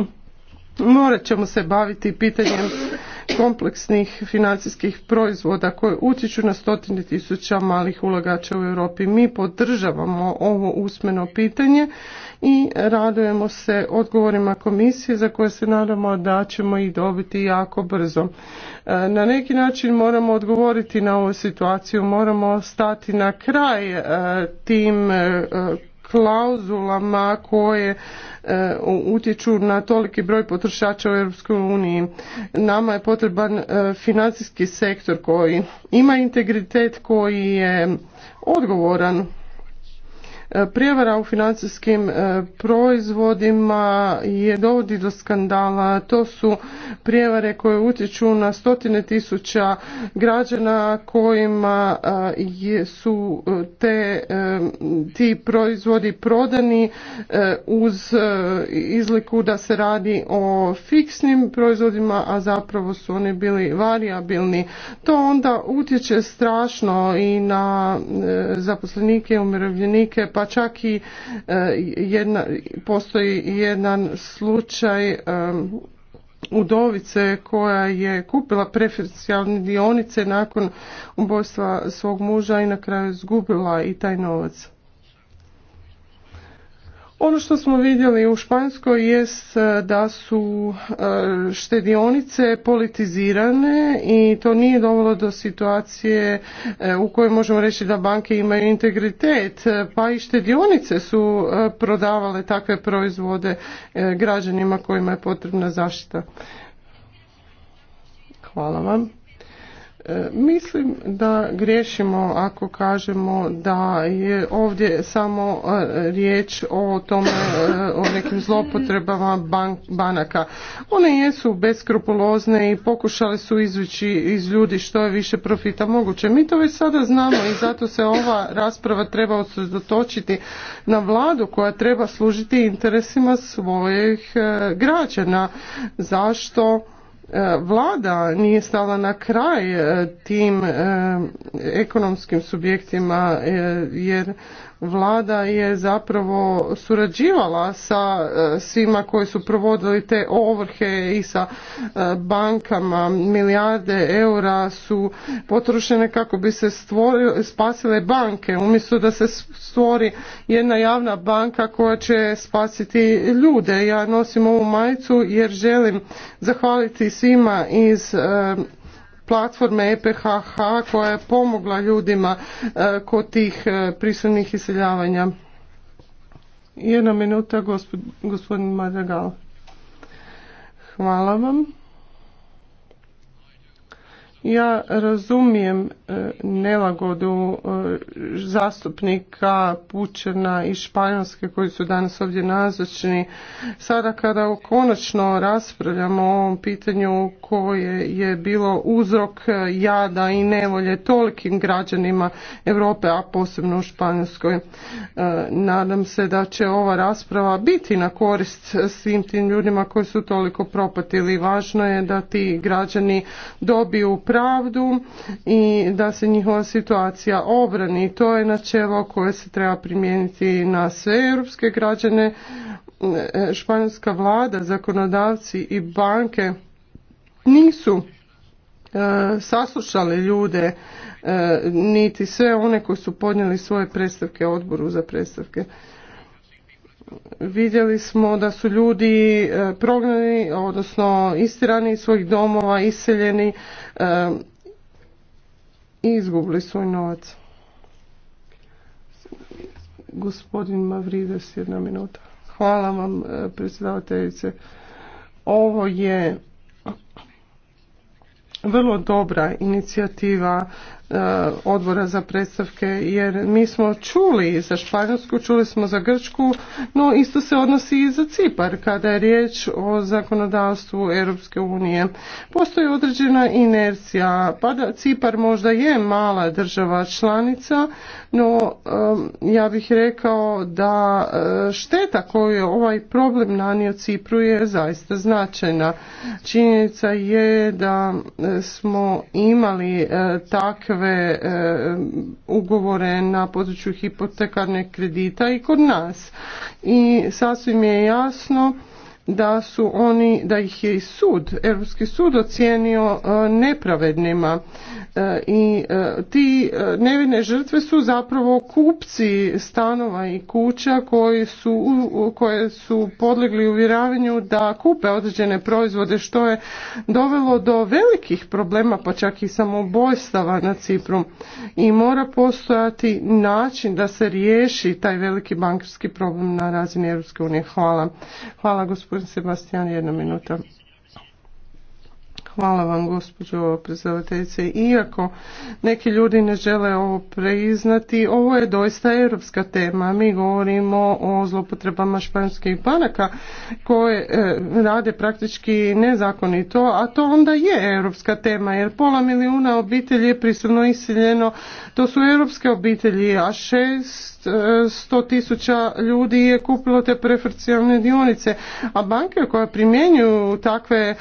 C: morat ćemo se baviti pitanjem kompleksnih financijskih proizvoda koje utječu na stotine tisuća malih ulagača u Europi. Mi podržavamo ovo usmeno pitanje i radujemo se odgovorima komisije za koje se nadamo da ćemo ih dobiti jako brzo. E, na neki način moramo odgovoriti na ovu situaciju, moramo stati na kraj e, tim e, klauzulama koje e, utječu na toliki broj potrošača u Europskoj uniji. Nama je potreban e, financijski sektor koji ima integritet, koji je odgovoran E, prijevara u financijskim e, proizvodima je dovodi do skandala. To su prijevare koje utječu na stotine tisuća građana kojima e, su te, ti proizvodi prodani uz izliku da se radi o fiksnim proizvodima, a zapravo su oni bili variabilni. To onda utječe strašno i na zaposlenike, umirovljenike, pa pa čak i e, jedna, postoji jedan slučaj e, udovice koja je kupila preferencijalne dionice nakon ubojstva svog muža i na kraju izgubila i taj novac. Ono što smo vidjeli u Španjskoj jest e, da su e, štedionice politizirane i to nije dovoljno do situacije e, u kojoj možemo reći da banke imaju integritet, pa i štedionice su prodavale takve proizvode građanima kojima je potrebna zaštita. Hvala vam. E, mislim da griješimo ako kažemo da je ovdje samo e, riječ o tome, e, o nekim zlopotrebama banaka. One jesu beskrupulozne i pokušale su izvući iz ljudi što je više profita moguće. Mi to već sada znamo i zato se ova rasprava treba osredotočiti na vladu koja treba služiti interesima svojih građana. Zašto? E, vlada nije stala na kraj e, tim e, ekonomskim subjektima jer vlada je zapravo surađivala sa e, svima koji su provodili te ovrhe i sa e, bankama. Milijarde eura su potrošene kako bi se spasile banke umjesto da se stvori jedna javna banka koja će spasiti ljude. Ja nosim ovu majicu jer želim zahvaliti svima iz e, platforme EPHH koja je pomogla ljudima e, kod tih e, prisilnih iseljavanja. Jedna minuta, gospodin Madagal. Hvala vam. Ja razumijem e, nelagodu e, zastupnika Pučena i Španjolske koji su danas ovdje nazočni. Sada kada konačno raspravljamo o ovom pitanju koje je bilo uzrok jada i nevolje tolikim građanima Europe, a posebno u Španjolskoj, e, nadam se da će ova rasprava biti na korist svim tim ljudima koji su toliko propatili. Važno je da ti građani dobiju pravdu i da se njihova situacija obrani. To je načelo koje se treba primijeniti na sve europske građane. Španjolska vlada, zakonodavci i banke nisu e, saslušali ljude e, niti sve one koji su podnijeli svoje predstavke odboru za predstavke vidjeli smo da su ljudi e, prognani, odnosno istirani iz svojih domova, iseljeni e, i izgubili svoj novac. Gospodin Mavrides, jedna minuta. Hvala vam, e, predsjedavateljice. Ovo je vrlo dobra inicijativa E, odbora za predstavke jer mi smo čuli za Španjolsku, čuli smo za Grčku, no isto se odnosi i za Cipar kada je riječ o zakonodavstvu Europske unije. Postoji određena inercija, pa da Cipar možda je mala država članica, no e, ja bih rekao da e, šteta koju je ovaj problem nanio Cipru je zaista značajna. Činjenica je da smo imali takve E, ugovore na području hipotekarnih kredita i kod nas. I sasvim je jasno da su oni, da ih je i sud, Europski sud ocijenio e, nepravednima e, i e, ti nevine žrtve su zapravo kupci stanova i kuća koji su, koje su podlegli uvjeravanju da kupe određene proizvode što je dovelo do velikih problema pa čak i samoubojstava na Cipru i mora postojati način da se riješi taj veliki bankarski problem na razini Europske unije. Hvala. Hvala Gospodin Sebastian, jedna minuta. Hvala vam gospođo predsjedateljice. Iako neki ljudi ne žele ovo preiznati, ovo je doista europska tema. Mi govorimo o zlopotrebama španskih banaka koje e, rade praktički nezakonito, a to onda je europska tema jer pola milijuna obitelji je prisilno iseljeno. To su europske obitelji, a šest e, sto tisuća ljudi je kupilo te preferencijalne dionice, a banke koje primjenjuju takve e,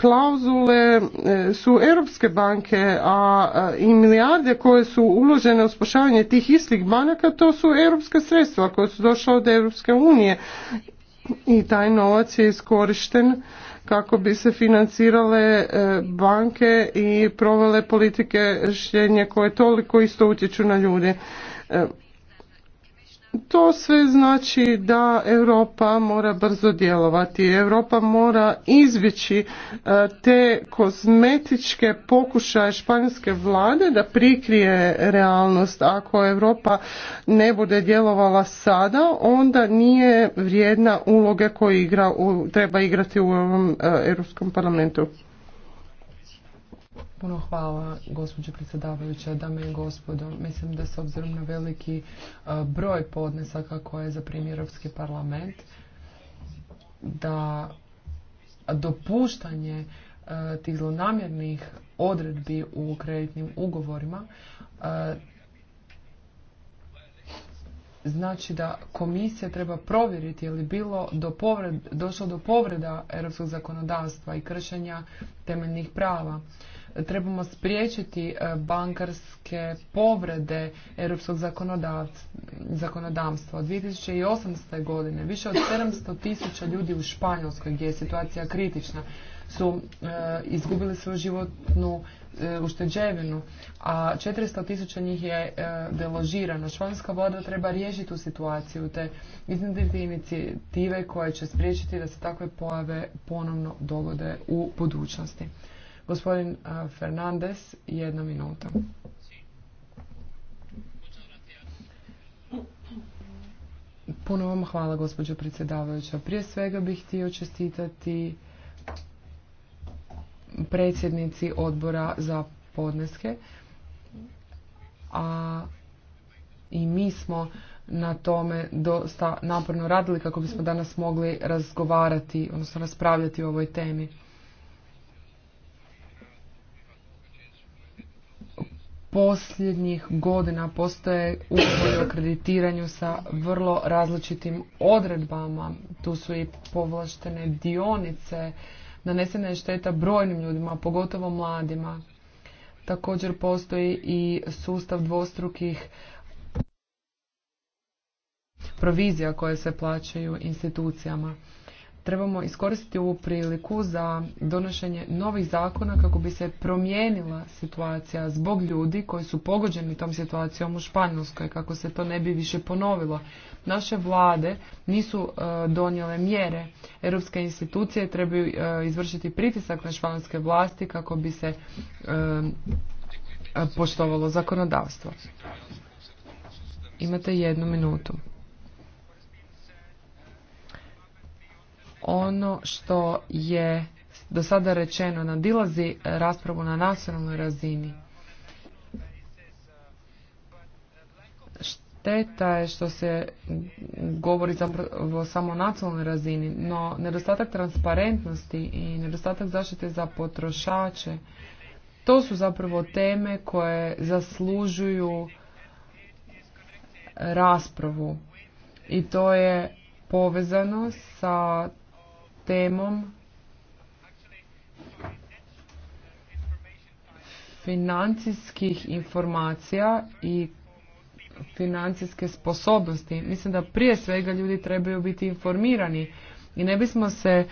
C: klauzu le dakle, e, su europske banke, a i milijarde koje su uložene u spašavanje tih istih banaka, to su europska sredstva koja su došla od Europske unije i taj novac je iskorišten kako bi se financirale e, banke i provele politike štednje koje toliko isto utječu na ljude. E, to sve znači da Europa mora brzo djelovati. Europa mora izbjeći e, te kozmetičke pokušaje španjolske vlade da prikrije realnost. Ako Europa ne bude djelovala sada, onda nije vrijedna uloge koju treba igrati u ovom e, Europskom parlamentu.
A: Puno hvala, gospođo predsjedavajuća, dame i gospodo. Mislim da s obzirom na veliki e, broj podnesaka koje je za Europski parlament, da dopuštanje e, tih zlonamjernih odredbi u kreditnim ugovorima e, znači da komisija treba provjeriti je li bilo do došlo do povreda europskog zakonodavstva i kršenja temeljnih prava trebamo spriječiti e, bankarske povrede europskog zakonodavstva. Od 2008. godine više od 700 tisuća ljudi u Španjolskoj, gdje je situacija kritična, su e, izgubili svoju životnu e, ušteđevinu, a 400 tisuća njih je deložirano. Španjolska vlada treba riješiti tu situaciju, te iznediti inicijative koje će spriječiti da se takve pojave ponovno dogode u budućnosti. Gospodin Fernandez, jedna minuta. Puno vam hvala, gospođo predsjedavajuća. Prije svega bih htio čestitati predsjednici odbora za podneske, a i mi smo na tome dosta naporno radili kako bismo danas mogli razgovarati, odnosno raspravljati o ovoj temi. posljednjih godina postoje ugovori o kreditiranju sa vrlo različitim odredbama. Tu su i povlaštene dionice, nanesena je šteta brojnim ljudima, pogotovo mladima. Također postoji i sustav dvostrukih provizija koje se plaćaju institucijama trebamo iskoristiti ovu priliku za donošenje novih zakona kako bi se promijenila situacija zbog ljudi koji su pogođeni tom situacijom u Španjolskoj, kako se to ne bi više ponovilo. Naše vlade nisu e, donijele mjere. Europske institucije trebaju e, izvršiti pritisak na španjolske vlasti kako bi se e, poštovalo zakonodavstvo. Imate jednu minutu. ono što je do sada rečeno nadilazi raspravu na nacionalnoj razini. Šteta je što se govori zapravo samo o nacionalnoj razini, no nedostatak transparentnosti i nedostatak zaštite za potrošače, to su zapravo teme koje zaslužuju raspravu i to je povezano sa temom financijskih informacija i financijske sposobnosti. Mislim da prije svega ljudi trebaju biti informirani i ne bismo se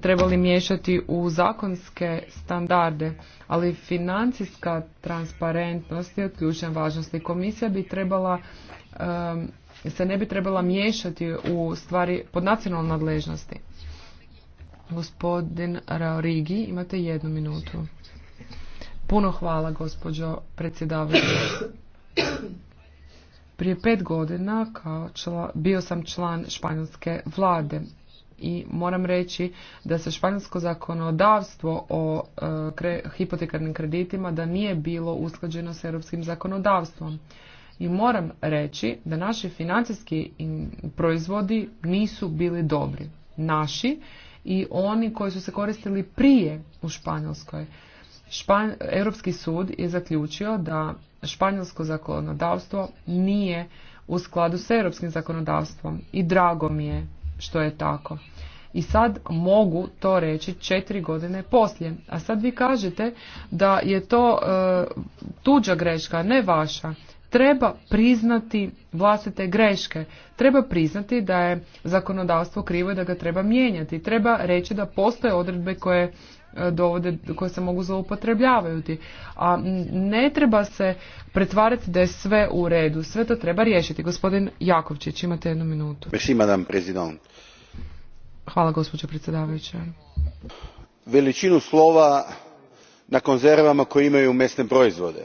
A: trebali miješati u zakonske standarde, ali financijska transparentnost je od ključne važnosti. Komisija bi trebala se ne bi trebala miješati u stvari pod nacionalnom nadležnosti. Gospodin Raorigi, imate jednu minutu. Puno hvala, gospođo predsjedavajuća. Prije pet godina kao bio sam član španjolske vlade i moram reći da se španjolsko zakonodavstvo o e, hipotekarnim kreditima da nije bilo usklađeno s europskim zakonodavstvom. I moram reći da naši financijski proizvodi nisu bili dobri. Naši i oni koji su se koristili prije u Španjolskoj. Europski sud je zaključio da španjolsko zakonodavstvo nije u skladu s europskim zakonodavstvom i drago mi je što je tako. I sad mogu to reći četiri godine poslije. A sad vi kažete da je to e, tuđa greška, ne vaša treba priznati vlastite greške, treba priznati da je zakonodavstvo krivo i da ga treba mijenjati, treba reći da postoje odredbe koje e, dovode, koje se mogu zloupotrebljavati. A ne treba se pretvarati da je sve u redu. Sve to treba riješiti. Gospodin Jakovčić, imate jednu minutu. Hvala, gospođo predsjedavajuća.
D: Veličinu slova na konzervama koje imaju mesne proizvode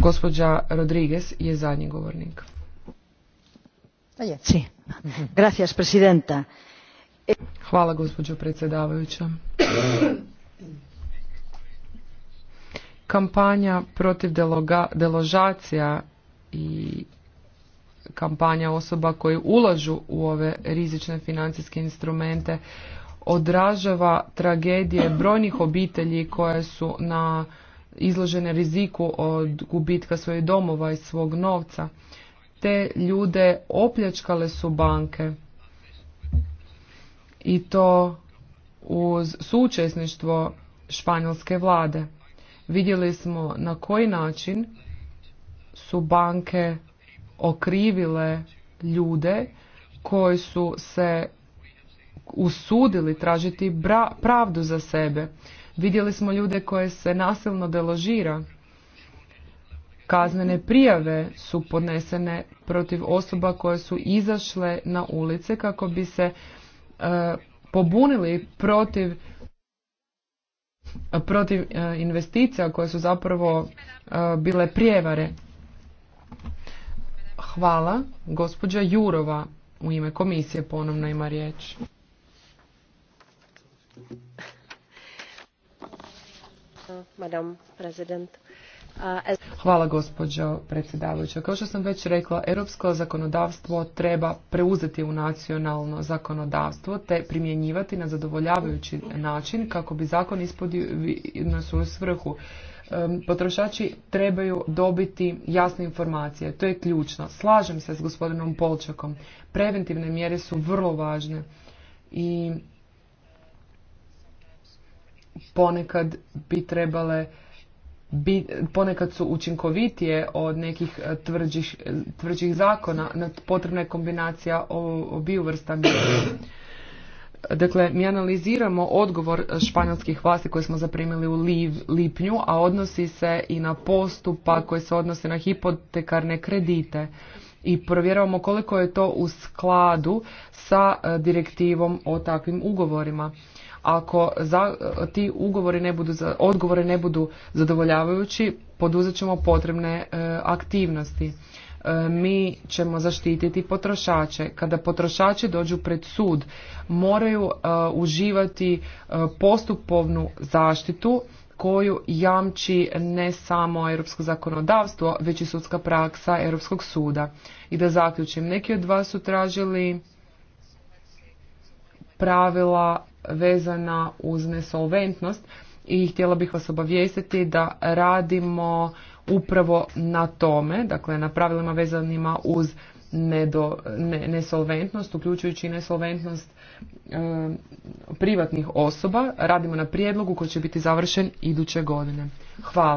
A: Gospođa Rodriguez je zadnji govornik. Pa e- Hvala gospođo predsjedavajuća. Kampanja protiv deložacija i kampanja osoba koji ulažu u ove rizične financijske instrumente odražava tragedije brojnih obitelji koje su na izložene riziku od gubitka svojih domova i svog novca. Te ljude opljačkale su banke i to uz sučesništvo španjolske vlade. Vidjeli smo na koji način su banke okrivile ljude koji su se usudili tražiti pravdu za sebe. Vidjeli smo ljude koje se nasilno deložira. Kaznene prijave su podnesene protiv osoba koje su izašle na ulice kako bi se e, pobunili protiv protiv e, investicija koje su zapravo e, bile prijevare. Hvala. Gospođa Jurova u ime komisije ponovno ima riječ. Hvala gospođo predsjedavajuća. Kao što sam već rekla, europsko zakonodavstvo treba preuzeti u nacionalno zakonodavstvo te primjenjivati na zadovoljavajući način kako bi zakon ispunio na svoju svrhu. Potrošači trebaju dobiti jasne informacije. To je ključno. Slažem se s gospodinom Polčakom. Preventivne mjere su vrlo važne i ponekad bi trebale bi, ponekad su učinkovitije od nekih e, tvrđih, tvrđih zakona, potrebna je kombinacija obiju vrsta Dakle, mi analiziramo odgovor španjolskih vlasti koje smo zaprimili u lipnju, a odnosi se i na postupak koji se odnose na hipotekarne kredite i provjeravamo koliko je to u skladu sa e, direktivom o takvim ugovorima. Ako za, ti ugovori ne budu, odgovori ne budu zadovoljavajući, poduzet ćemo potrebne e, aktivnosti. E, mi ćemo zaštititi potrošače. Kada potrošači dođu pred sud, moraju e, uživati postupovnu zaštitu koju jamči ne samo europsko zakonodavstvo, već i sudska praksa Europskog suda. I da zaključim, neki od vas su tražili pravila vezana uz nesolventnost i htjela bih vas obavijestiti da radimo upravo na tome, dakle na pravilima vezanima uz nedo, ne, nesolventnost, uključujući i nesolventnost privatnih osoba. Radimo na prijedlogu koji će biti završen iduće godine. Hvala.